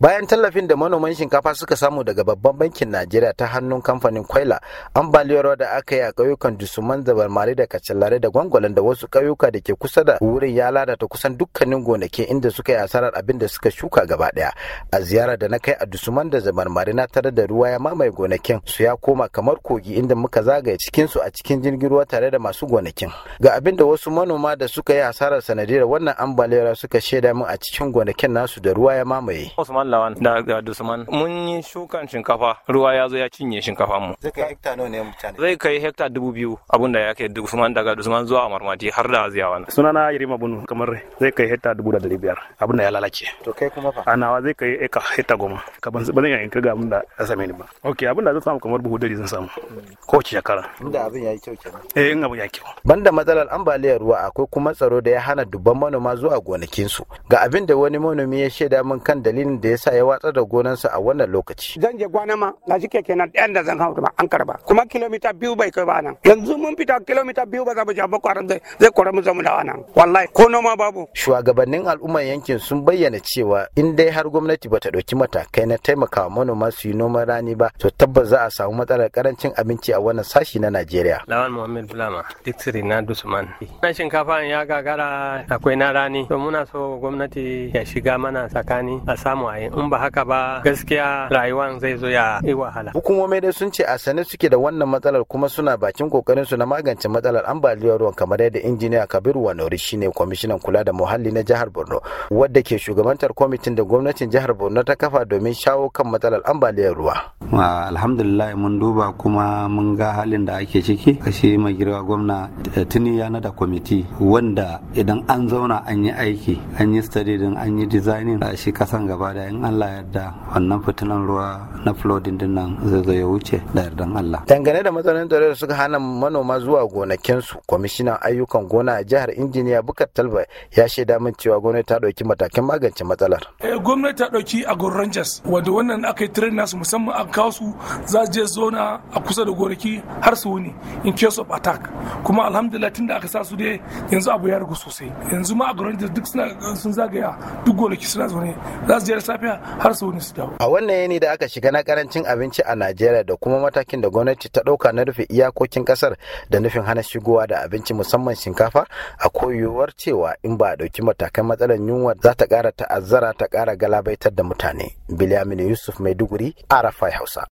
bayan tallafin da manoman shinkafa suka samu daga babban bankin najeriya ta hannun kamfanin kwaila ambaliyar da aka yi a ƙauyukan dusuman zabarmari da kacallare da Gwangwalan da wasu ƙauyuka da ke kusa da wurin ya lalata kusan dukkanin gonaki inda suka yi asarar abin da suka shuka gaba ɗaya a ziyara da na kai a dusuman da zabarmari na tare da ruwa ya mamaye gonakin su ya koma kamar kogi inda muka zagaye cikin su a cikin jirgin ruwa tare da masu gonakin ga abin da wasu manoma da suka yi asarar sanadiyar wannan ambaliyar suka shaida min a cikin gonakin nasu da ruwa ya mamaye wani da dusman mun yi shukan shinkafa ruwa ya zo ya cinye shinkafa mu zai kai hekta nawa ne mutane zai kai hekta dubu biyu abun da yake dusman daga dusman zuwa Marmati har da suna na Yirima Bunu kamar zai kai hekta dubu da dari biyar abun da ya lalace to kai kuma fa anawa zai kai eka hekta goma ka ban ban iya in kirga abun da ya same ni ba okay abun da zan samu kamar buhu dari zan samu ko ci shekara inda abin ya yi kyau kenan eh in abin ya kyau banda matsalar ambaliyar ruwa akwai kuma tsaro da ya hana dubban manoma zuwa gonakinsu ga abin da wani manomi ya shaida min kan dalilin da ya yasa ya watsar da gonansa a wannan lokaci. Zan je gwana ma na shi keke na ɗayan da zan hau ba an karba kuma kilomita biyu bai kai ba nan yanzu mun fita kilomita biyu ba za mu jaba kwaran zai zai kora mu zamu da nan wallahi ko noma babu. Shugabannin al'ummar yankin sun bayyana cewa in dai har gwamnati bata ɗauki matakai na taimakawa manoma su yi noman rani ba to tabbas za a samu matsalar karancin abinci a wannan sashi na Najeriya. Lawan Muhammad Bulama, Diksiri na Dusman. Na shinkafa ya gagara akwai na rani to muna so gwamnati ya shiga mana tsakani a samu a in ba haka ba gaskiya rayuwan zai zo ya yi wahala hukumomi dai sun ce a sane suke da wannan matsalar kuma suna bakin kokarin su na magance matsalar ambaliyar ruwan kamar yadda injiniya kabiru wanori shine kwamishinan kula da muhalli na jihar borno wadda ke shugabantar kwamitin da gwamnatin jihar borno ta kafa domin shawo kan matsalar ambaliyar ruwa alhamdulillah mun duba kuma mun ga halin da ake ciki kashe mai girma gwamna eh, tuni ya nada kwamiti wanda idan an zauna an yi aiki an yi study din an yi designing a shi kasan gaba da in Allah yarda wannan fitinan ruwa na flodin din nan zai wuce da yardan Allah dangane da matsalolin tsaro da suka hana manoma zuwa gonakinsu kwamishinan ayyukan gona a jihar injiniya bukar talba ya shaida min cewa gwamnati ta dauki matakin magance matsalar eh, gwamnati ta dauki a rangers wanda wannan aka yi tirin nasu musamman an kawo su za su je zona a kusa da gonaki har su wuni in case of attack kuma alhamdulillah tunda aka sa su dai yanzu abu ya rigu sosai yanzu ma a rangers duk sun zagaya duk gonaki suna zaune za su je da safe lafiya har su wuni su dawo a wannan yani da aka shiga na karancin abinci a Najeriya da kuma matakin da gwamnati ta dauka na rufe iyakokin kasar da nufin hana shigowa da abinci musamman shinkafa a koyuwar cewa in ba a dauki matakan matsalar yunwa za ta kara ta'azzara ta kara galabaitar da mutane Bilyamin Yusuf Maiduguri Arafai Hausa